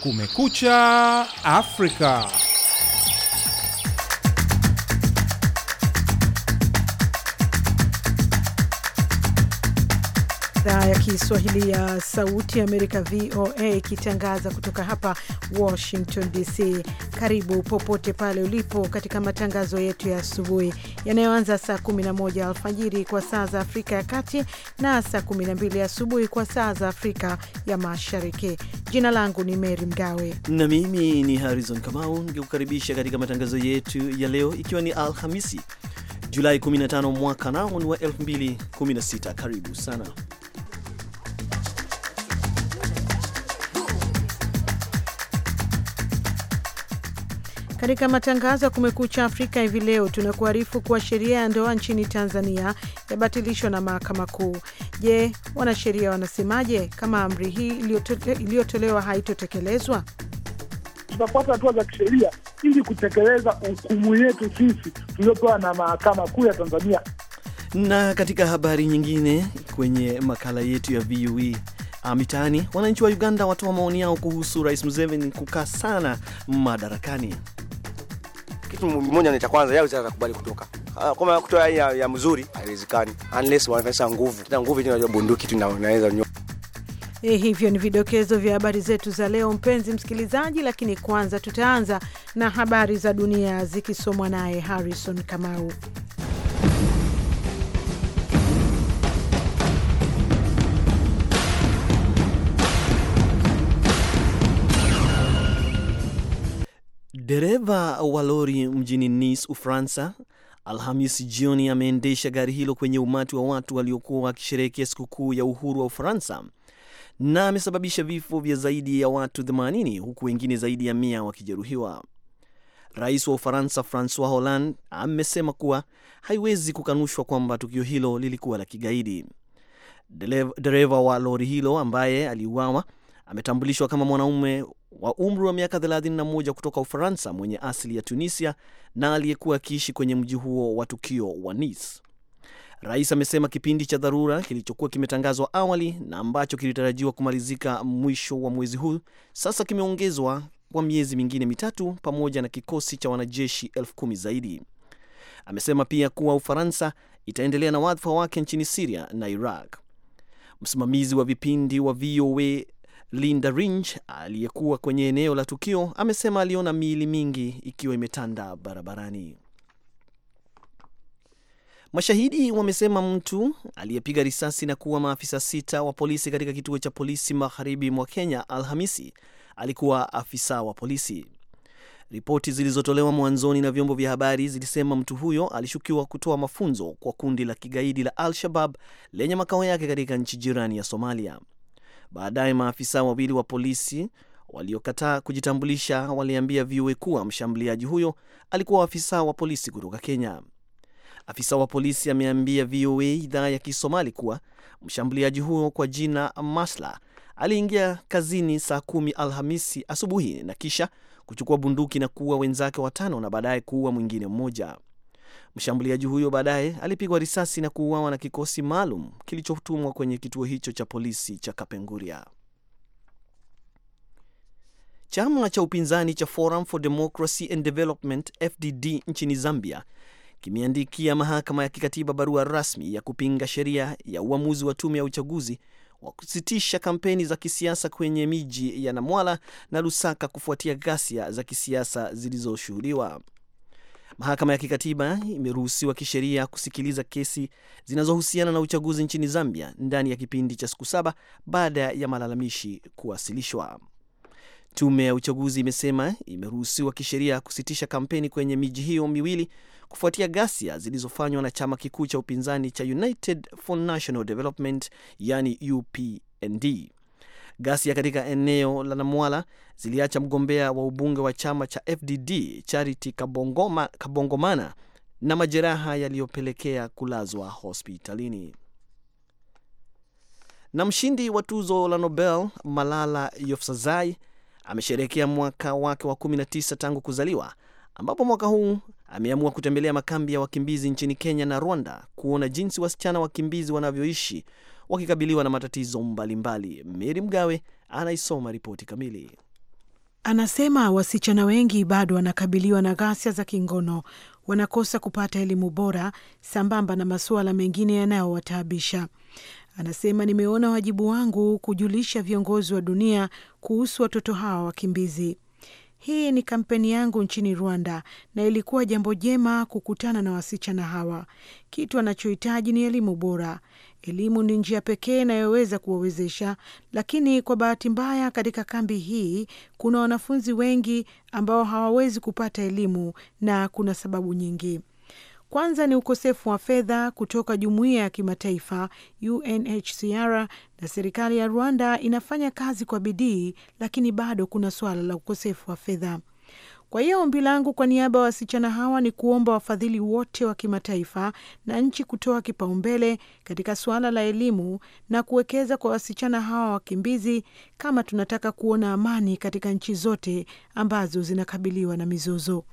Kumekucha Afrika. idhaa ya Kiswahili ya Sauti ya Amerika, VOA, ikitangaza kutoka hapa Washington DC. Karibu popote pale ulipo katika matangazo yetu ya asubuhi yanayoanza saa 11 alfajiri kwa saa za Afrika ya Kati na saa 12 asubuhi kwa saa za Afrika ya Mashariki. Jina langu ni Mary Mgawe na mimi ni Harrison Kamau, ningekukaribisha katika matangazo yetu ya leo, ikiwa ni Alhamisi Julai 15 mwaka nao ni wa 2016. Karibu sana Katika matangazo ya Kumekucha Afrika hivi leo tunakuarifu kuwa sheria ya ndoa nchini Tanzania yabatilishwa na mahakama kuu. Je, wanasheria wanasemaje kama amri hii iliyotolewa haitotekelezwa? Tutafuata hatua za kisheria ili kutekeleza hukumu yetu sisi tuliopewa na mahakama kuu ya Tanzania. Na katika habari nyingine kwenye makala yetu ya VUE ah, mitaani, wananchi wa Uganda watoa maoni yao kuhusu Rais Museveni kukaa sana madarakani kitu mmoja ni cha kwanza, yeye atakubali kutoka ah, kama kutoa ya, ya mzuri haiwezekani, unless wanafanya nguvu na nguvu, hiyo bunduki tu inaweza Eh, hivyo ni vidokezo vya habari zetu za leo, mpenzi msikilizaji, lakini kwanza tutaanza na habari za dunia zikisomwa naye Harrison Kamau. Dereva wa lori mjini Nice, Ufaransa, Alhamis jioni ameendesha gari hilo kwenye umati wa watu waliokuwa wakisherehekea sikukuu ya uhuru wa Ufaransa na amesababisha vifo vya zaidi ya watu 80 huku wengine zaidi ya mia wakijeruhiwa. Rais wa Ufaransa Francois Hollande amesema kuwa haiwezi kukanushwa kwamba tukio hilo lilikuwa la kigaidi. Dereva wa lori hilo ambaye aliuawa ametambulishwa kama mwanaume wa umri wa miaka 31 kutoka Ufaransa mwenye asili ya Tunisia na aliyekuwa akiishi kwenye mji huo wa tukio wa Nice. Rais amesema kipindi cha dharura kilichokuwa kimetangazwa awali na ambacho kilitarajiwa kumalizika mwisho wa mwezi huu sasa kimeongezwa kwa miezi mingine mitatu pamoja na kikosi cha wanajeshi elfu kumi zaidi. Amesema pia kuwa Ufaransa itaendelea na wadhifa wake nchini Siria na Iraq. Msimamizi wa vipindi wa VOA Linda Ringe aliyekuwa kwenye eneo la tukio amesema aliona miili mingi ikiwa imetanda barabarani. Mashahidi wamesema mtu aliyepiga risasi na kuua maafisa sita wa polisi katika kituo cha polisi magharibi mwa Kenya Alhamisi alikuwa afisa wa polisi. Ripoti zilizotolewa mwanzoni na vyombo vya habari zilisema mtu huyo alishukiwa kutoa mafunzo kwa kundi la kigaidi la Al-Shabab lenye makao yake katika nchi jirani ya Somalia. Baadaye maafisa wawili wa polisi waliokataa kujitambulisha waliambia VOA kuwa mshambuliaji huyo alikuwa afisa wa polisi kutoka Kenya. Afisa wa polisi ameambia VOA idhaa ya Kisomali kuwa mshambuliaji huyo kwa jina Masla aliingia kazini saa kumi Alhamisi asubuhi na kisha kuchukua bunduki na kuua wenzake watano na baadaye kuua mwingine mmoja. Mshambuliaji huyo baadaye alipigwa risasi na kuuawa na kikosi maalum kilichotumwa kwenye kituo hicho cha polisi cha Kapenguria. Chama cha upinzani cha Forum for Democracy and Development FDD nchini Zambia kimeandikia mahakama ya kikatiba barua rasmi ya kupinga sheria ya uamuzi wa tume ya uchaguzi wa kusitisha kampeni za kisiasa kwenye miji ya Namwala na Lusaka kufuatia ghasia za kisiasa zilizoshuhudiwa. Mahakama ya kikatiba imeruhusiwa kisheria kusikiliza kesi zinazohusiana na uchaguzi nchini Zambia ndani ya kipindi cha siku saba baada ya malalamishi kuwasilishwa. Tume ya uchaguzi imesema imeruhusiwa kisheria kusitisha kampeni kwenye miji hiyo miwili kufuatia ghasia zilizofanywa na chama kikuu cha upinzani cha United for National Development yani UPND. Ghasia katika eneo la Namwala ziliacha mgombea wa ubunge wa chama cha FDD Charity Kabongoma, Kabongomana na majeraha yaliyopelekea kulazwa hospitalini. Na mshindi wa tuzo la Nobel Malala Yousafzai amesherehekea mwaka wake wa 19 tangu kuzaliwa, ambapo mwaka huu ameamua kutembelea makambi ya wakimbizi nchini Kenya na Rwanda kuona jinsi wasichana wakimbizi wanavyoishi wakikabiliwa na matatizo mbalimbali. Meri Mgawe anaisoma ripoti kamili. Anasema wasichana wengi bado wanakabiliwa na ghasia za kingono, wanakosa kupata elimu bora sambamba na masuala mengine yanayowataabisha. Anasema, nimeona wajibu wangu kujulisha viongozi wa dunia kuhusu watoto hawa wakimbizi. Hii ni kampeni yangu nchini Rwanda na ilikuwa jambo jema kukutana na wasichana hawa. Kitu anachohitaji ni elimu bora. Elimu ni njia pekee inayoweza kuwawezesha, lakini kwa bahati mbaya, katika kambi hii kuna wanafunzi wengi ambao hawawezi kupata elimu na kuna sababu nyingi. Kwanza ni ukosefu wa fedha kutoka jumuiya ya kimataifa UNHCR na serikali ya Rwanda inafanya kazi kwa bidii, lakini bado kuna suala la ukosefu wa fedha. Kwa hiyo ombi langu kwa niaba ya wasichana hawa ni kuomba wafadhili wote wa kimataifa na nchi kutoa kipaumbele katika suala la elimu na kuwekeza kwa wasichana hawa wakimbizi, kama tunataka kuona amani katika nchi zote ambazo zinakabiliwa na mizozo.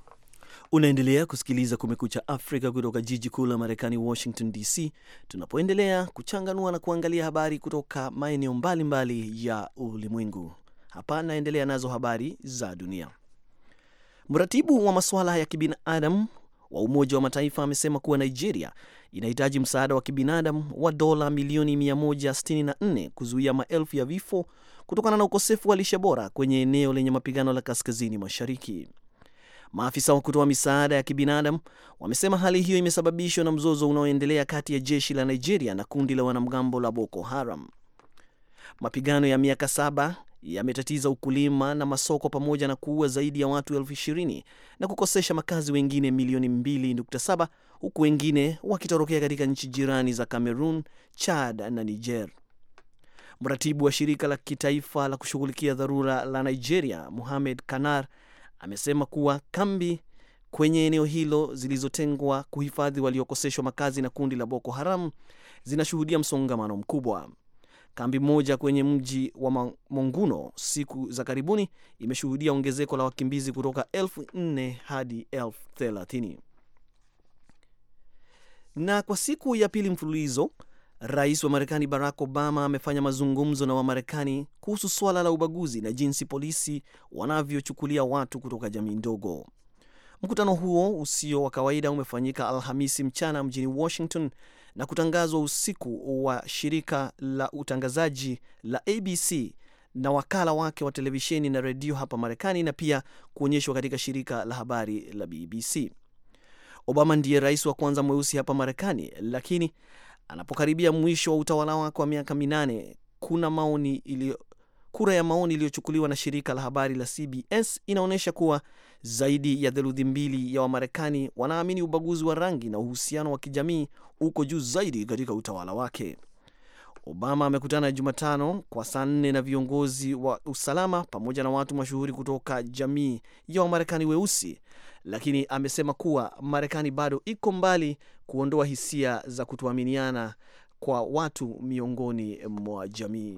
Unaendelea kusikiliza Kumekucha Afrika kutoka jiji kuu la Marekani, Washington DC, tunapoendelea kuchanganua na kuangalia habari kutoka maeneo mbalimbali ya ulimwengu. Hapa naendelea nazo habari za dunia. Mratibu wa masuala ya kibinadamu wa Umoja wa Mataifa amesema kuwa Nigeria inahitaji msaada wa kibinadamu wa dola milioni 164 kuzuia maelfu ya vifo kutokana na ukosefu wa lishe bora kwenye eneo lenye mapigano la kaskazini mashariki. Maafisa wa kutoa misaada ya kibinadamu wamesema hali hiyo imesababishwa na mzozo unaoendelea kati ya jeshi la Nigeria na kundi la wanamgambo la Boko Haram. Mapigano ya miaka saba yametatiza ukulima na masoko pamoja na kuua zaidi ya watu elfu ishirini na kukosesha makazi wengine milioni 2.7 huku wengine wakitorokea katika nchi jirani za Cameroon, Chad na Niger. Mratibu wa shirika la kitaifa la kushughulikia dharura la Nigeria, muhamed Kanar, amesema kuwa kambi kwenye eneo hilo zilizotengwa kuhifadhi waliokoseshwa makazi na kundi la Boko Haram zinashuhudia msongamano mkubwa. Kambi moja kwenye mji wa Monguno siku za karibuni imeshuhudia ongezeko la wakimbizi kutoka elfu nne hadi elfu thelathini. Na kwa siku ya pili mfululizo, rais wa Marekani Barack Obama amefanya mazungumzo na Wamarekani kuhusu swala la ubaguzi na jinsi polisi wanavyochukulia watu kutoka jamii ndogo. Mkutano huo usio wa kawaida umefanyika Alhamisi mchana mjini Washington na kutangazwa usiku wa shirika la utangazaji la ABC na wakala wake wa televisheni na redio hapa Marekani na pia kuonyeshwa katika shirika la habari la BBC. Obama ndiye rais wa kwanza mweusi hapa Marekani, lakini anapokaribia mwisho wa utawala wake wa miaka minane, kuna maoni Kura ya maoni iliyochukuliwa na shirika la habari la CBS inaonyesha kuwa zaidi ya theluthi mbili ya Wamarekani wanaamini ubaguzi wa rangi na uhusiano wa kijamii uko juu zaidi katika utawala wake. Obama amekutana Jumatano kwa saa nne na viongozi wa usalama pamoja na watu mashuhuri kutoka jamii ya Wamarekani weusi, lakini amesema kuwa Marekani bado iko mbali kuondoa hisia za kutoaminiana kwa watu miongoni mwa jamii.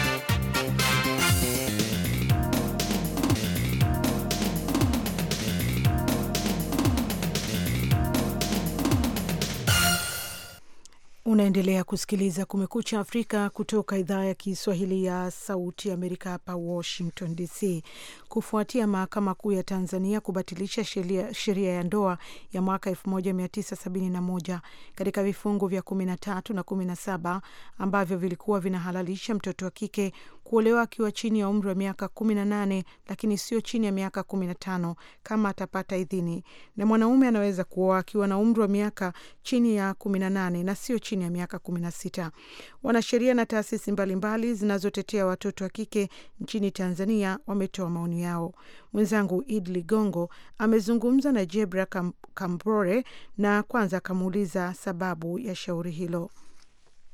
Unaendelea kusikiliza Kumekucha Afrika kutoka idhaa ya Kiswahili ya Sauti ya Amerika, hapa Washington DC. Kufuatia Mahakama Kuu ya Tanzania kubatilisha sheria ya ndoa ya mwaka 1971 katika vifungu vya 13 na 17 ambavyo vilikuwa vinahalalisha mtoto wa kike kuolewa akiwa chini ya umri wa miaka kumi na nane lakini sio chini ya miaka kumi na tano kama atapata idhini, na mwanaume anaweza kuoa akiwa na umri wa miaka chini ya kumi na nane na sio chini ya miaka kumi na sita. Wanasheria na taasisi mbalimbali zinazotetea watoto wa kike nchini Tanzania wametoa maoni yao. Mwenzangu Id Ligongo amezungumza na Jebra Kambrore na kwanza akamuuliza sababu ya shauri hilo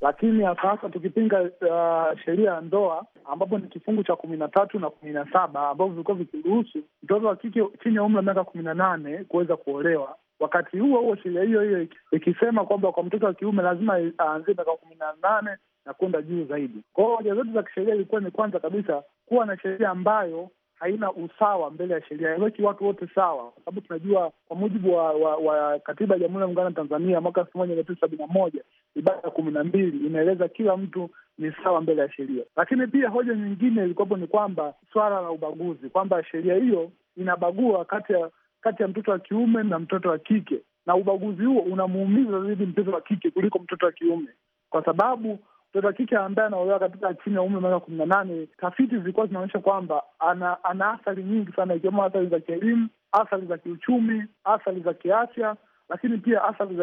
lakini sasa tukipinga uh, sheria ya ndoa ambapo ni kifungu cha kumi na tatu na kumi na saba ambavyo vilikuwa vikiruhusu mtoto wa kike chini ya umri wa miaka kumi na nane kuweza kuolewa. Wakati huo huo sheria hiyo hiyo ikisema kwamba kwa mtoto wa kiume lazima aanzie miaka kumi na nane na kwenda juu zaidi. Kwa hiyo hoja zote za kisheria ilikuwa ni kwanza kabisa kuwa na sheria ambayo haina usawa mbele ya sheria, haiweki watu wote sawa, kwa sababu tunajua kwa mujibu wa, wa, wa katiba ya Jamhuri ya Muungano wa Tanzania mwaka elfu moja mia tisa sabini na moja ibara ya kumi na mbili inaeleza kila mtu ni sawa mbele ya sheria. Lakini pia hoja nyingine ilikuwapo ni kwamba swala la ubaguzi, kwamba sheria hiyo inabagua kati ya kati ya mtoto wa kiume na mtoto wa kike, na ubaguzi huo unamuumiza zaidi mtoto wa kike kuliko mtoto wa kiume kwa sababu mtoto wa kike ambaye anaolewa katika chini ya umri miaka kumi na nane, tafiti zilikuwa zinaonyesha kwamba ana, ana athari nyingi sana, ikiwemo athari za kielimu, athari za kiuchumi, athari za kiafya, lakini pia athari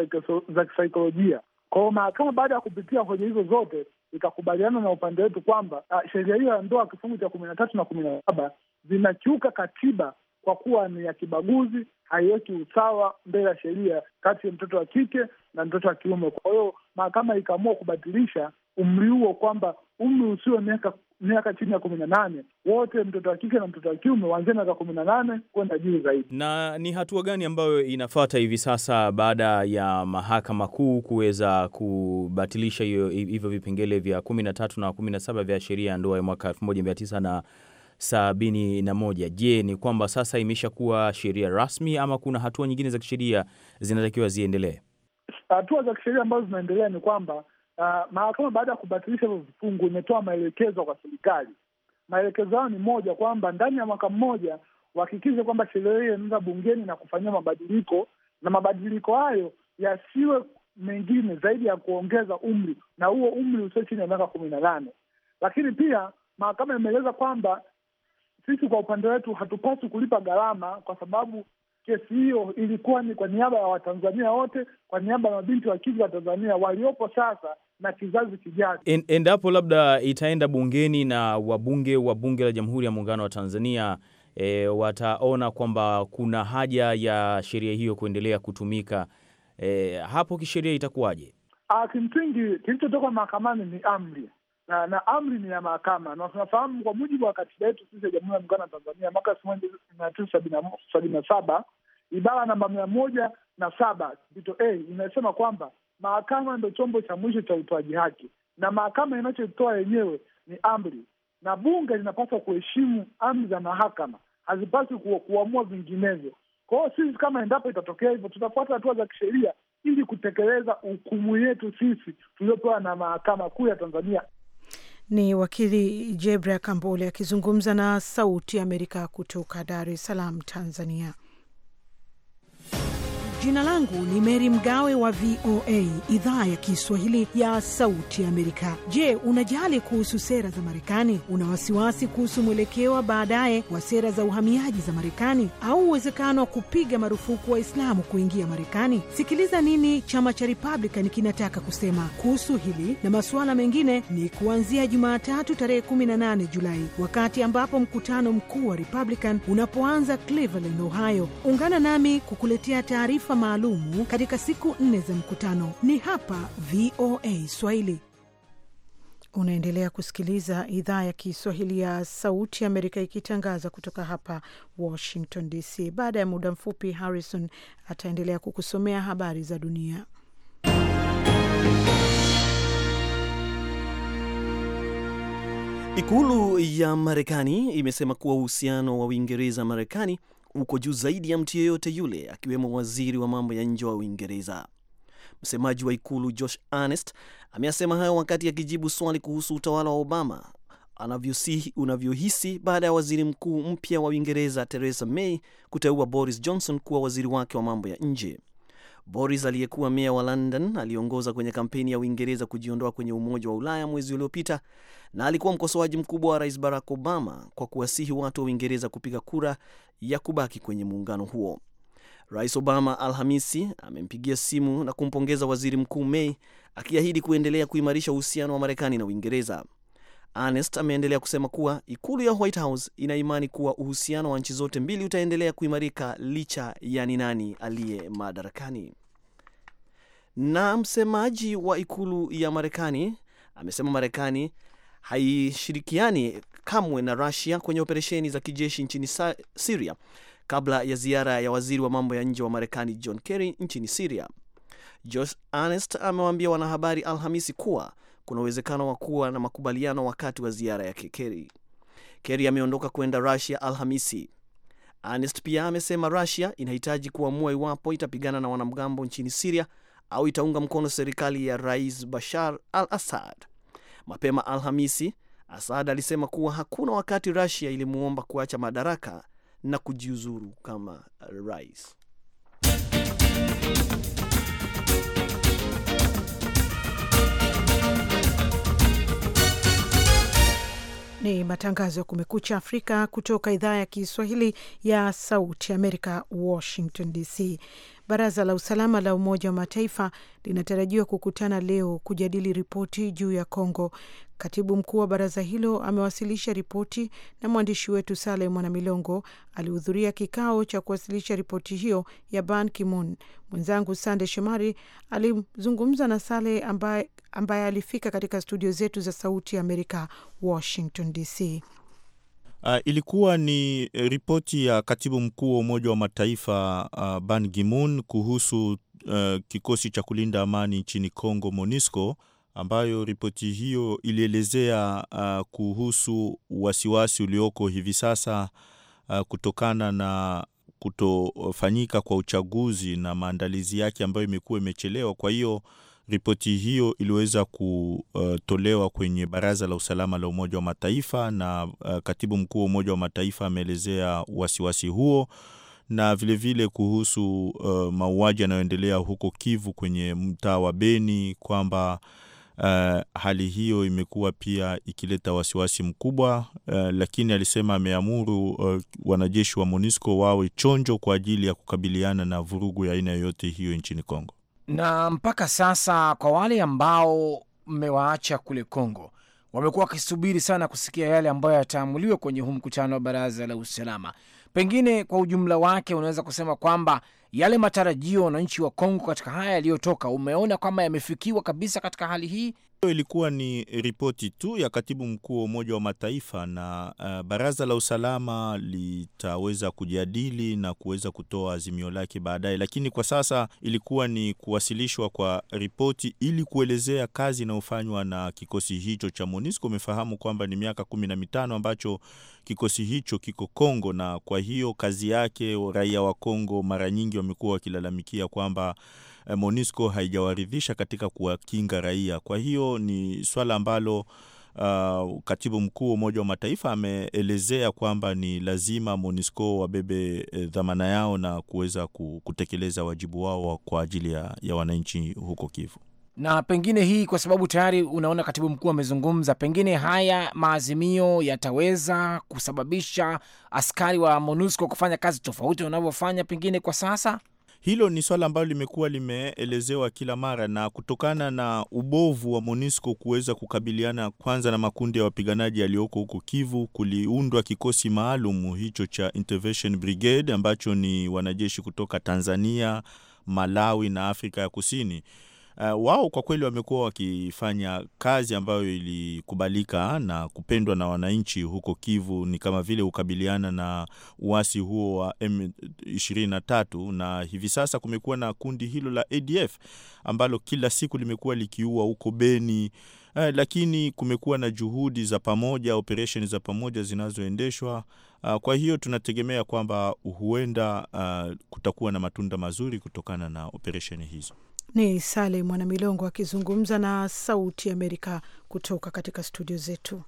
za kisaikolojia. Kwa hiyo mahakama baada ya kupitia hoja hizo zote ikakubaliana na upande wetu kwamba ah, sheria hiyo ya ndoa kifungu cha kumi na tatu na kumi na saba zinakiuka katiba kwa kuwa ni ya kibaguzi, haiweki usawa mbele ya sheria kati ya mtoto wa kike na mtoto wa kiume. Kwa hiyo mahakama ikaamua kubatilisha umri huo, kwamba umri usio miaka miaka chini ya kumi na nane wote, mtoto wa kike na mtoto wa kiume, waanzia miaka kumi na nane kwenda juu zaidi. Na ni hatua gani ambayo inafata hivi sasa baada ya mahakama kuu kuweza kubatilisha hivyo vipengele vya kumi na tatu na kumi na saba vya sheria ya ndoa ya mwaka elfu moja mia tisa na sabini na moja? Je, ni kwamba sasa imeshakuwa sheria rasmi ama kuna hatua nyingine za kisheria zinatakiwa ziendelee? Hatua za kisheria ambazo zinaendelea ni kwamba Uh, mahakama baada ya kubatilisha hivyo vifungu imetoa maelekezo kwa serikali. Maelekezo hayo ni moja, kwamba ndani ya mwaka mmoja wahakikishe kwamba sheria hiyo inaenda bungeni na kufanyia mabadiliko, na mabadiliko hayo yasiwe mengine zaidi ya kuongeza umri, na huo umri usio chini ya miaka kumi na nane. Lakini pia mahakama imeeleza kwamba sisi kwa upande wetu hatupaswi kulipa gharama, kwa sababu kesi hiyo ilikuwa ni kwa niaba ya Watanzania wote, kwa niaba ya mabinti wa kike wa Tanzania waliopo sasa na kizazi kijacho. En, endapo labda itaenda bungeni na wabunge wa Bunge la Jamhuri ya Muungano wa Tanzania e, wataona kwamba kuna haja ya sheria hiyo kuendelea kutumika e, hapo kisheria itakuwaje? Ah, kimsingi kilichotoka mahakamani ni amri na na amri ni ya mahakama, na tunafahamu kwa mujibu wa katiba yetu sisi ya Jamhuri ya Muungano wa Tanzania mwaka elfu moja mia tisa sabini na saba ibara namba mia moja na saba kipito a inasema kwamba mahakama ndo chombo cha mwisho cha utoaji haki, na mahakama inachotoa yenyewe ni amri, na bunge linapaswa kuheshimu amri za mahakama, hazipaswi ku, kuamua vinginevyo. Kwa hiyo sisi kama endapo itatokea hivyo, tutafuata hatua za kisheria ili kutekeleza hukumu yetu sisi tuliopewa na mahakama kuu ya Tanzania. Ni wakili Jebra Kambole akizungumza na Sauti Amerika kutoka Dar es Salaam, Tanzania. Jina langu ni Meri Mgawe wa VOA idhaa ya Kiswahili ya Sauti ya Amerika. Je, unajali kuhusu sera za Marekani? Una wasiwasi kuhusu mwelekeo wa baadaye wa sera za uhamiaji za Marekani au uwezekano wa kupiga marufuku Waislamu kuingia Marekani? Sikiliza nini chama cha Republican kinataka kusema kuhusu hili na masuala mengine, ni kuanzia Jumatatu tarehe 18 Julai, wakati ambapo mkutano mkuu wa Republican unapoanza Cleveland, Ohio. Ungana nami kukuletea taarifa maalumu katika siku nne za mkutano. Ni hapa VOA Swahili. Unaendelea kusikiliza idhaa ya Kiswahili ya Sauti ya Amerika ikitangaza kutoka hapa Washington DC. Baada ya muda mfupi, Harrison ataendelea kukusomea habari za dunia. Ikulu ya Marekani imesema kuwa uhusiano wa Uingereza Marekani uko juu zaidi ya mtu yeyote yule, akiwemo waziri wa mambo ya nje wa Uingereza. Msemaji wa ikulu Josh Earnest ameyasema hayo wakati akijibu swali kuhusu utawala wa Obama unavyohisi baada ya waziri mkuu mpya wa Uingereza Theresa May kuteua Boris Johnson kuwa waziri wake wa mambo ya nje. Boris aliyekuwa meya wa London aliongoza kwenye kampeni ya Uingereza kujiondoa kwenye Umoja wa Ulaya mwezi uliopita na alikuwa mkosoaji mkubwa wa Rais Barack Obama kwa kuwasihi watu wa Uingereza kupiga kura ya kubaki kwenye muungano huo. Rais Obama Alhamisi amempigia simu na kumpongeza Waziri Mkuu May akiahidi kuendelea kuimarisha uhusiano wa Marekani na Uingereza. Ernest ameendelea kusema kuwa ikulu ya White House ina imani kuwa uhusiano wa nchi zote mbili utaendelea kuimarika licha ya ni nani aliye madarakani. Na msemaji wa ikulu ya Marekani amesema Marekani haishirikiani kamwe na Russia kwenye operesheni za kijeshi nchini Syria kabla ya ziara ya waziri wa mambo ya nje wa Marekani John Kerry nchini Syria. Josh Ernest amewaambia wanahabari Alhamisi kuwa kuna uwezekano wa kuwa na makubaliano wakati wa ziara yake Kerry. Kerry ameondoka kwenda Rusia Alhamisi. Ernest pia amesema Rusia inahitaji kuamua iwapo itapigana na wanamgambo nchini Siria au itaunga mkono serikali ya Rais Bashar al Assad. Mapema Alhamisi, Assad alisema kuwa hakuna wakati Rusia ilimuomba kuacha madaraka na kujiuzuru kama rais. Ni matangazo ya Kumekucha Afrika kutoka idhaa ya Kiswahili ya Sauti Amerika, Washington DC. Baraza la Usalama la Umoja wa Mataifa linatarajiwa kukutana leo kujadili ripoti juu ya congo Katibu mkuu wa baraza hilo amewasilisha ripoti na mwandishi wetu Sale Mwanamilongo alihudhuria kikao cha kuwasilisha ripoti hiyo ya Ban ki Mwenzangu Sande Shomari alizungumza na Sale ambaye, ambaye alifika katika studio zetu za Sauti ya Amerika, Washington DC. Uh, ilikuwa ni eh, ripoti ya katibu mkuu wa Umoja wa Mataifa uh, Ban Ki-moon kuhusu uh, kikosi cha kulinda amani nchini Kongo MONUSCO, ambayo ripoti hiyo ilielezea uh, kuhusu wasiwasi ulioko hivi sasa uh, kutokana na kutofanyika kwa uchaguzi na maandalizi yake ambayo imekuwa imechelewa. Kwa hiyo Ripoti hiyo iliweza kutolewa kwenye Baraza la Usalama la Umoja wa Mataifa na eh, katibu mkuu wa Umoja wa Mataifa ameelezea wasiwasi huo na vilevile vile kuhusu uh, mauaji yanayoendelea huko Kivu kwenye mtaa wa Beni kwamba uh, hali hiyo imekuwa pia ikileta wasiwasi mkubwa uh, lakini alisema ameamuru uh, wanajeshi wa MONUSCO wawe chonjo kwa ajili ya kukabiliana na vurugu ya aina yoyote hiyo nchini Kongo. Na mpaka sasa kwa wale ambao mmewaacha kule Kongo wamekuwa wakisubiri sana kusikia yale ambayo yataamuliwa kwenye huu mkutano wa Baraza la Usalama. Pengine kwa ujumla wake, unaweza kusema kwamba yale matarajio wananchi wa Kongo katika haya yaliyotoka, umeona kwamba yamefikiwa kabisa katika hali hii hiyo Ilikuwa ni ripoti tu ya katibu mkuu wa Umoja wa Mataifa na uh, Baraza la Usalama litaweza kujadili na kuweza kutoa azimio lake baadaye, lakini kwa sasa ilikuwa ni kuwasilishwa kwa ripoti ili kuelezea kazi inayofanywa na kikosi hicho cha MONUSCO. Umefahamu kwamba ni miaka kumi na mitano ambacho kikosi hicho kiko Kongo, na kwa hiyo kazi yake raia wa Kongo mara nyingi wamekuwa wakilalamikia kwamba Eh, MONUSCO haijawaridhisha katika kuwakinga raia. Kwa hiyo ni swala ambalo Uh, katibu mkuu wa Umoja wa Mataifa ameelezea kwamba ni lazima MONUSCO wabebe eh, dhamana yao na kuweza kutekeleza wajibu wao kwa ajili ya, ya wananchi huko Kivu. Na pengine hii kwa sababu tayari unaona katibu mkuu amezungumza, pengine haya maazimio yataweza kusababisha askari wa MONUSCO kufanya kazi tofauti wanavyofanya pengine kwa sasa. Hilo ni swala ambalo limekuwa limeelezewa kila mara, na kutokana na ubovu wa MONUSCO kuweza kukabiliana kwanza na makundi ya wapiganaji yaliyoko huko Kivu, kuliundwa kikosi maalum hicho cha Intervention Brigade ambacho ni wanajeshi kutoka Tanzania, Malawi na Afrika ya Kusini. Uh, wao kwa kweli wamekuwa wakifanya kazi ambayo ilikubalika na kupendwa na wananchi huko Kivu, ni kama vile kukabiliana na uasi huo wa M23, na hivi sasa kumekuwa na kundi hilo la ADF ambalo kila siku limekuwa likiua huko Beni. Uh, lakini kumekuwa na juhudi za pamoja, operesheni za pamoja zinazoendeshwa. Uh, kwa hiyo tunategemea kwamba huenda uh, kutakuwa na matunda mazuri kutokana na operesheni hizo. Ni Sale Mwanamilongo akizungumza na Sauti Amerika kutoka katika studio zetu.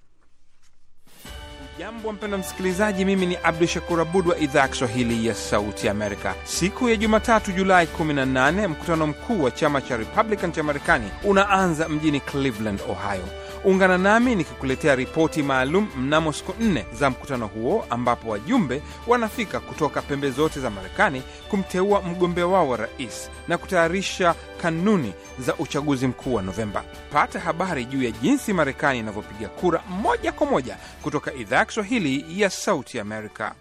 Jambo mpendwa msikilizaji, mimi ni Abdu Shakur Abud wa idhaa ya Kiswahili ya Sauti Amerika. Siku ya Jumatatu, Julai 18, mkutano mkuu wa chama cha Republican cha Marekani unaanza mjini Cleveland, Ohio. Ungana nami nikikuletea ripoti maalum mnamo siku nne za mkutano huo, ambapo wajumbe wanafika kutoka pembe zote za Marekani kumteua mgombea wao wa rais na kutayarisha kanuni za uchaguzi mkuu wa Novemba. Pata habari juu ya jinsi Marekani inavyopiga kura moja kwa moja kutoka idhaa ya Kiswahili ya Sauti Amerika.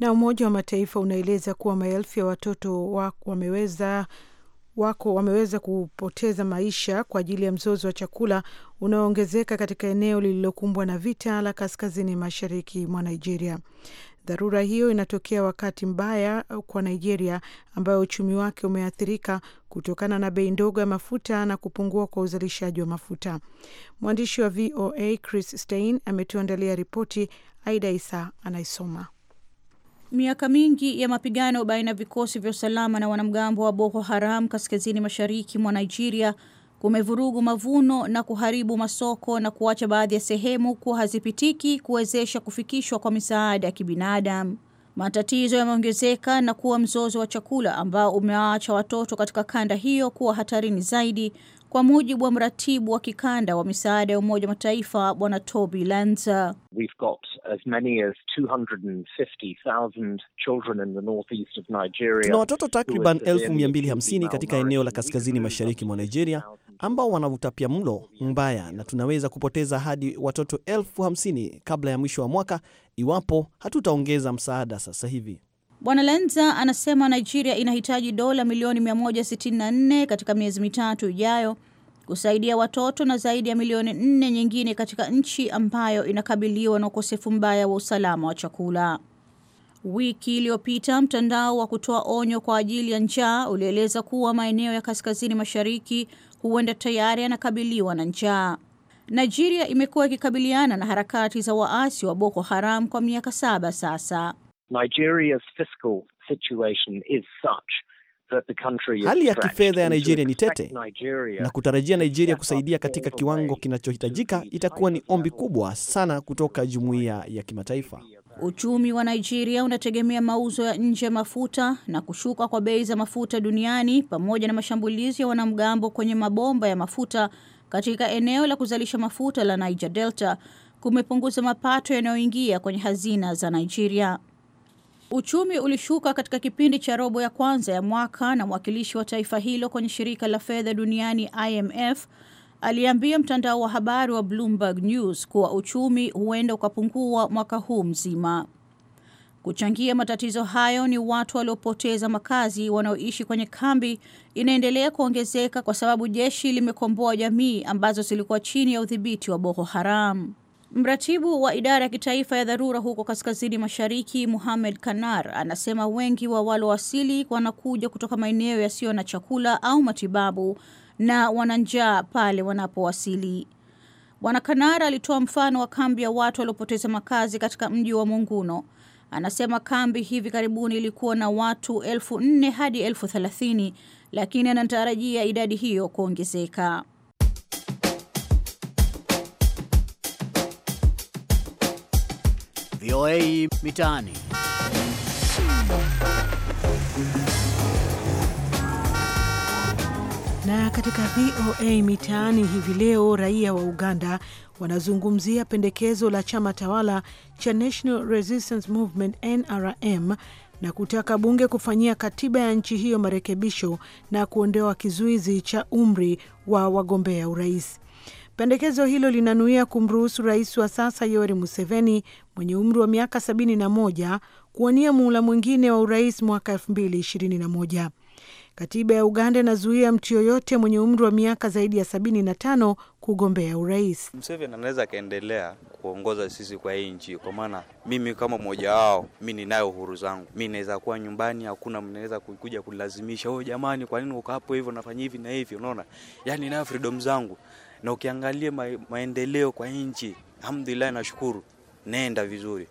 Na Umoja wa Mataifa unaeleza kuwa maelfu ya watoto wameweza wako wameweza kupoteza maisha kwa ajili ya mzozo wa chakula unaoongezeka katika eneo lililokumbwa na vita la kaskazini mashariki mwa Nigeria. Dharura hiyo inatokea wakati mbaya kwa Nigeria ambayo uchumi wake umeathirika kutokana na bei ndogo ya mafuta na kupungua kwa uzalishaji wa mafuta. Mwandishi wa VOA Chris Stein ametuandalia ripoti. Aida Isa anaisoma. Miaka mingi ya mapigano baina ya vikosi vya usalama na wanamgambo wa Boko Haram kaskazini mashariki mwa Nigeria kumevurugu mavuno na kuharibu masoko na kuacha baadhi ya sehemu kuwa hazipitiki kuwezesha kufikishwa kwa misaada ya kibinadamu. Matatizo yameongezeka na kuwa mzozo wa chakula ambao umewaacha watoto katika kanda hiyo kuwa hatarini zaidi, kwa mujibu wa mratibu wa kikanda wa misaada ya Umoja wa Mataifa Bwana Toby Lanza. We've got as many as 250,000 children in the northeast of Nigeria. Tuna watoto takriban 250 katika eneo la kaskazini mashariki mwa Nigeria ambao wanautapia mlo mbaya na tunaweza kupoteza hadi watoto elfu hamsini kabla ya mwisho wa mwaka iwapo hatutaongeza msaada sasa hivi. Bwana Lenza anasema Nigeria inahitaji dola milioni 164 katika miezi mitatu ijayo kusaidia watoto na zaidi ya milioni nne nyingine katika nchi ambayo inakabiliwa na ukosefu mbaya wa usalama wa chakula. Wiki iliyopita mtandao wa kutoa onyo kwa ajili ya njaa ulieleza kuwa maeneo ya kaskazini mashariki huenda tayari yanakabiliwa na njaa. Nigeria imekuwa ikikabiliana na harakati za waasi wa Boko Haram kwa miaka saba sasa. Nigeria's fiscal situation is such that the country is hali ya kifedha ya Nigeria ni tete Nigeria, na kutarajia Nigeria kusaidia katika kiwango kinachohitajika itakuwa ni ombi kubwa sana kutoka jumuiya ya kimataifa. Uchumi wa Nigeria unategemea mauzo ya nje ya mafuta na kushuka kwa bei za mafuta duniani pamoja na mashambulizi ya wanamgambo kwenye mabomba ya mafuta katika eneo la kuzalisha mafuta la Niger Delta kumepunguza mapato yanayoingia kwenye hazina za Nigeria. Uchumi ulishuka katika kipindi cha robo ya kwanza ya mwaka na mwakilishi wa taifa hilo kwenye shirika la fedha duniani IMF aliambia mtandao wa habari wa Bloomberg News kuwa uchumi huenda ukapungua mwaka huu mzima. Kuchangia matatizo hayo ni watu waliopoteza makazi wanaoishi kwenye kambi inaendelea kuongezeka kwa sababu jeshi limekomboa jamii ambazo zilikuwa chini ya udhibiti wa Boko Haram. Mratibu wa idara ya kitaifa ya dharura huko kaskazini mashariki, Muhamed Kanar, anasema wengi wa walowasili wanakuja kutoka maeneo yasiyo na chakula au matibabu na wana njaa pale wanapowasili. Bwana Kanar alitoa mfano wa kambi ya watu waliopoteza makazi katika mji wa Munguno. Anasema kambi hivi karibuni ilikuwa na watu elfu nne hadi elfu thelathini, lakini anatarajia idadi hiyo kuongezeka. VOA Mitaani. Na katika VOA Mitaani hivi leo, raia wa Uganda wanazungumzia pendekezo la chama tawala cha National Resistance Movement NRM na kutaka bunge kufanyia katiba ya nchi hiyo marekebisho na kuondoa kizuizi cha umri wa wagombea urais. Pendekezo hilo linanuia kumruhusu rais wa sasa Yoweri Museveni mwenye umri wa miaka 71 kuwania muhula mwingine wa urais mwaka 2021. Katiba ya Uganda inazuia mtu yoyote mwenye umri wa miaka zaidi ya sabini na tano kugombea urais. Mseveni anaweza akaendelea kuongoza sisi kwa hii nchi, kwa maana mimi kama mmoja wao, mi ninayo uhuru zangu, mi naweza kuwa nyumbani, hakuna mnaweza kuja kulazimisha oh jamani, kwa nini uko hapo hivyo, nafanya hivi na hivyo Unaona, yani nayo freedom zangu, na ukiangalia ma maendeleo kwa nchi, alhamdulillah, nashukuru, naenda vizuri,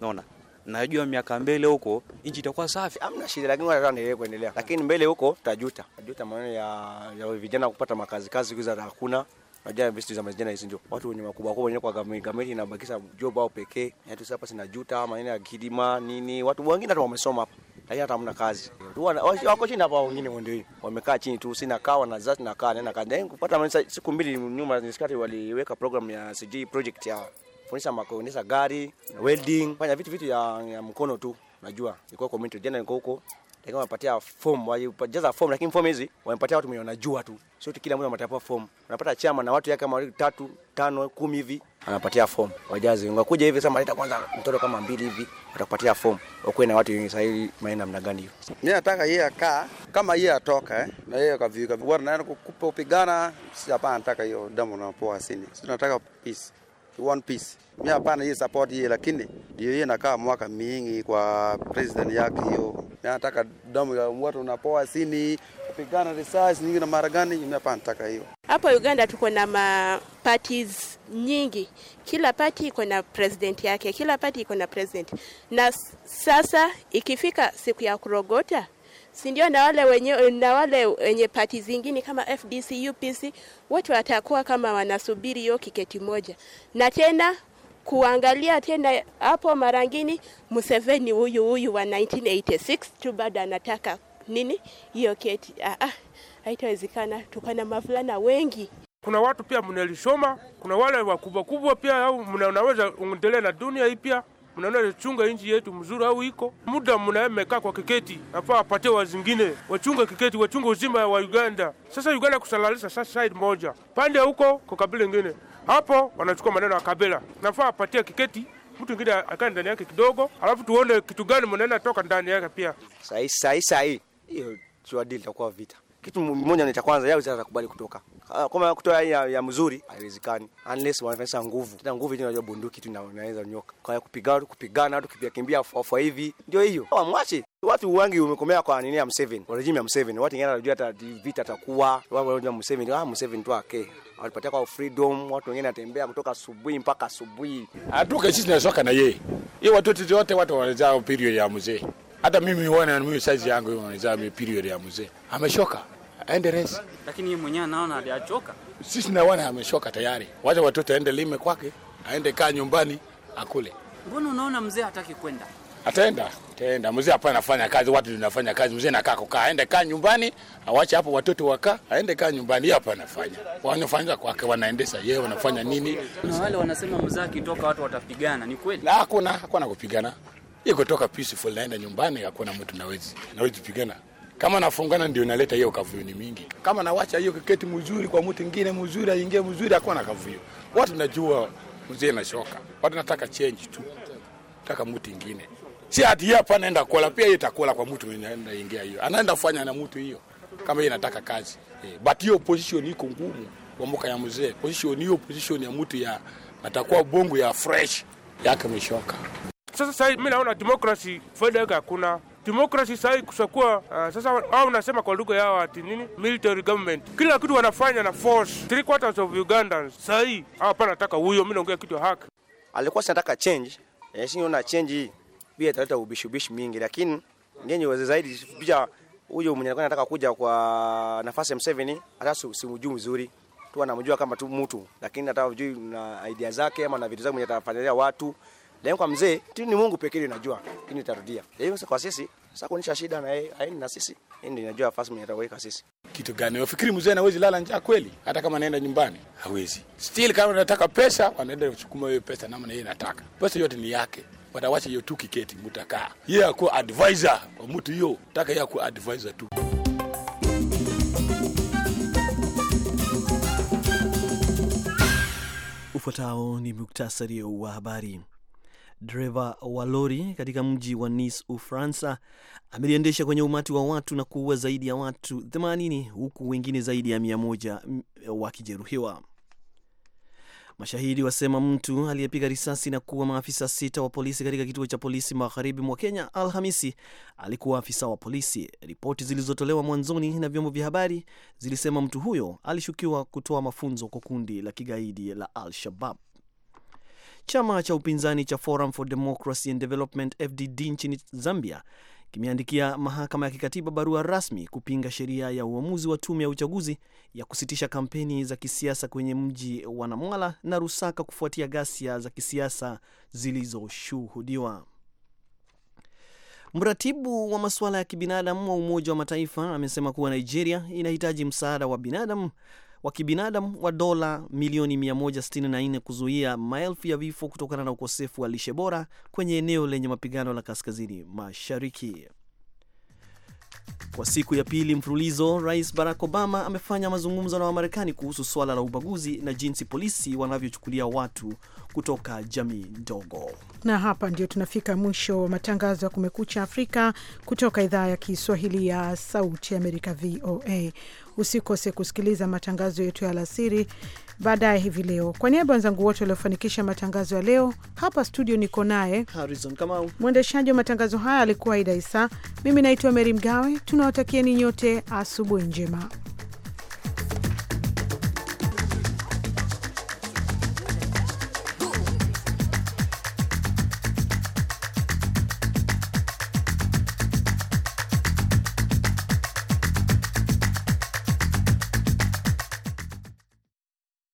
naona najua miaka mbele huko nchi itakuwa safi, amna shida, lakini nataka niendelee kuendelea, lakini mbele huko tajuta tajuta maneno ya, ya vijana kupata makazi kazi kuza hakuna Najua vitu za majina hizi ndio watu wenye makubwa kubwa wenye kwa gamii gamii inabakisha job au pekee. Yaani sasa sina juta maneno ya kidima nini. Watu wengine hata wamesoma hapa. Lakini hata hamna kazi. Wako chini hapa wengine ndio Wamekaa chini tu sina kawa na zati na kaa na kaenda yaani kupata siku mbili nyuma nisikati waliweka program ya CD project yao nafundisha makuonesha gari, welding, fanya vitu vitu ya, ya mkono tu. Najua nilikuwa community jana, niko huko lakini wanapatia form, wajaza form, lakini form hizi wanapatia watu mwenye wanajua tu, sio tu kila mtu anapatia form. Unapata chama na watu yake kama tatu tano kumi hivi anapatia form wajaze. Ungakuja hivi sasa, leta kwanza mtoto kama mbili hivi, atakupatia form wakuwe na watu wengi. Sasa hivi maana namna gani hiyo. Mimi nataka yeye akaa kama yeye atoka eh, na yeye kavika bwana, naenda kukupa upigana, sijapana. Nataka hiyo damu na poa sini, sio nataka peace one piece. Mimi hapana hii support hii, lakini ndio hiyo inakaa mwaka mingi kwa president yake hiyo. Nataka damu ya watu unapoa sini kupigana risasi nyingi na mara gani? Mi hapana nataka hiyo. hapo Uganda tuko na ma parties nyingi, kila party iko na president yake, kila party iko na president. Na sasa ikifika siku ya kurogota si ndio? Na wale wenye na wale wenye pati zingine kama FDC, UPC wote watakuwa kama wanasubiri hiyo kiketi moja, na tena kuangalia tena hapo marangini, Museveni huyu huyu wa 1986 tu bado anataka nini hiyo kiti? Ah, ah, haitawezekana, tuko na mavulana wengi. Kuna watu pia mnalishoma, kuna wale wakubwa kubwa pia, au mnaweza endelea na dunia hii pia mnaona chunga nchi yetu mzuri au iko muda mnaemekaa kwa kiketi, nafaa apate wazingine wachunga kiketi, wachunga uzima wa Uganda. Sasa Uganda kusalalisha sasa side moja pande huko kwa kabila ingine, hapo wanachukua maneno ya kabila, nafaa apatia kiketi mtu ingine akae ndani yake kidogo, alafu tuone kitu gani mnaenda toka ndani yake pia. Sahi sahi sahi, hiyo tuadili takuwa vita kitu mmoja ni cha kwanza, yeye atakubali kutoka ah, kama kutoa ya, ya mzuri haiwezekani, unless wanafanya nguvu na nguvu, hiyo unajua bunduki tu inaweza nyoka kwa kupigana kupigana watu kimbia kimbia afa hivi, ndio hiyo wamwache oh, watu wangi umekomea kwa nini ya Museveni, kwa regime ya Museveni. Watu wengine wanajua hata vita atakuwa wao wanajua Museveni, ah Museveni tu ake alipatia kwa freedom, watu wengine atembea kutoka asubuhi mpaka asubuhi, atoke sisi tunasoka na yeye hiyo, watu wote watu wanajaa period ya mzee. Hata mimi wana mimi size yangu hiyo wanajaa period ya mzee, ameshoka aende resi. Lakini yeye mwenyewe anaona aliachoka. Sisi na wana ameshoka tayari, wacha watoto aende lime kwake, aende kaa nyumbani akule. Mbona unaona mzee hataki kwenda? Ataenda, ataenda. Mzee hapa anafanya kazi, watu tunafanya kazi. Mzee nakaa kukaa, aende kaa nyumbani, awache hapo watoto wakaa, aende kaa nyumbani. Hapa anafanya wanafanya kwake, wanaendesha yeye, wanafanya nini? Na wale wanasema mzee akitoka watu watapigana, ni kweli? Hakuna, hakuna kupigana, Yeye kutoka peaceful, naenda nyumbani, hakuna mtu nawezi nawezi pigana kama nafungana ndio naleta hiyo kavuyo ni mingi. Kama nawacha hiyo kiketi mzuri kwa mtu mwingine mzuri aingie mzuri hakuna na kavuyo. Watu najua mzee na shoka. Watu nataka change tu. Nataka mtu mwingine. Si hati hapa naenda kula pia hiyo itakula kwa mtu mwingine anaenda ingia hiyo. Anaenda fanya na mtu hiyo. Kama yeye anataka kazi. E, but hiyo position iko ngumu kwa mboka ya mzee. Position hiyo position ya mtu ya atakuwa bongo ya fresh yake meshoka. Sasa sasa mimi naona democracy faida yake hakuna demokrasi sahi kusakuwa. Uh, ah, sasa wao wanasema kwa lugha yao ati nini military government, kila kitu wanafanya na force. Three quarters of Ugandans sahi hapa nataka huyo, mimi naongea kitu haki. Alikuwa sinataka change eh, siniona change hii bila italeta ubishubishi mingi, lakini ngenye uweze zaidi bila huyo mwenye alikuwa anataka kuja kwa nafasi ya Museveni, hata simjui mzuri tu, anamjua kama tu mtu, lakini hata hujui na idea zake ama na vitu zake mwenye atafanyilia watu lakini kwa mzee tu ni Mungu pekee anajua, lakini tarudia. Hiyo sasa kwa sisi sasa kuonyesha shida na yeye haini na sisi. Yeye ndiye anajua nafasi mwenye ataweka sisi. Kitu gani? Unafikiri mzee anawezi lala njaa kweli? Hata kama anaenda nyumbani, hawezi. Still kama anataka pesa, anaenda kuchukua hiyo pesa namna yeye anataka. Pesa yote ni yake. Watawacha hiyo tu kiketi mtakaa. Yeye akuwa advisor kwa mtu hiyo. Taka yeye akuwa advisor tu. Ufuatao ni muktasari wa habari. Dereva wa lori katika mji wa Nice, Ufaransa, ameliendesha kwenye umati wa watu na kuua zaidi ya watu 80 huku wengine zaidi ya 100 mm, wakijeruhiwa. Mashahidi wasema mtu aliyepiga risasi na kuua maafisa sita wa polisi katika kituo cha polisi magharibi mwa Kenya Alhamisi alikuwa afisa wa polisi. Ripoti zilizotolewa mwanzoni na vyombo vya habari zilisema mtu huyo alishukiwa kutoa mafunzo kwa kundi la kigaidi la Al-Shabab. Chama cha upinzani cha Forum for Democracy and Development FDD nchini Zambia kimeandikia mahakama ya kikatiba barua rasmi kupinga sheria ya uamuzi wa tume ya uchaguzi ya kusitisha kampeni za kisiasa kwenye mji wa Namwala na Rusaka kufuatia ghasia za kisiasa zilizoshuhudiwa. Mratibu wa masuala ya kibinadamu wa Umoja wa Mataifa amesema kuwa Nigeria inahitaji msaada wa binadamu wa kibinadamu wa dola milioni 164 kuzuia maelfu ya vifo kutokana na ukosefu wa lishe bora kwenye eneo lenye mapigano la kaskazini mashariki. Kwa siku ya pili mfululizo, Rais Barack Obama amefanya mazungumzo na Wamarekani kuhusu swala la ubaguzi na jinsi polisi wanavyochukulia watu kutoka jamii ndogo. Na hapa ndio tunafika mwisho wa matangazo ya Kumekucha Afrika kutoka idhaa ya Kiswahili ya Sauti Amerika, VOA. Usikose kusikiliza matangazo yetu ya alasiri baadaye hivi leo. Kwa niaba ya wenzangu wote waliofanikisha matangazo ya leo, hapa studio niko naye Harrison Kamau, mwendeshaji wa matangazo haya alikuwa Aida Isa, mimi naitwa Meri Mgawe tuna tunawatakieni nyote asubuhi njema.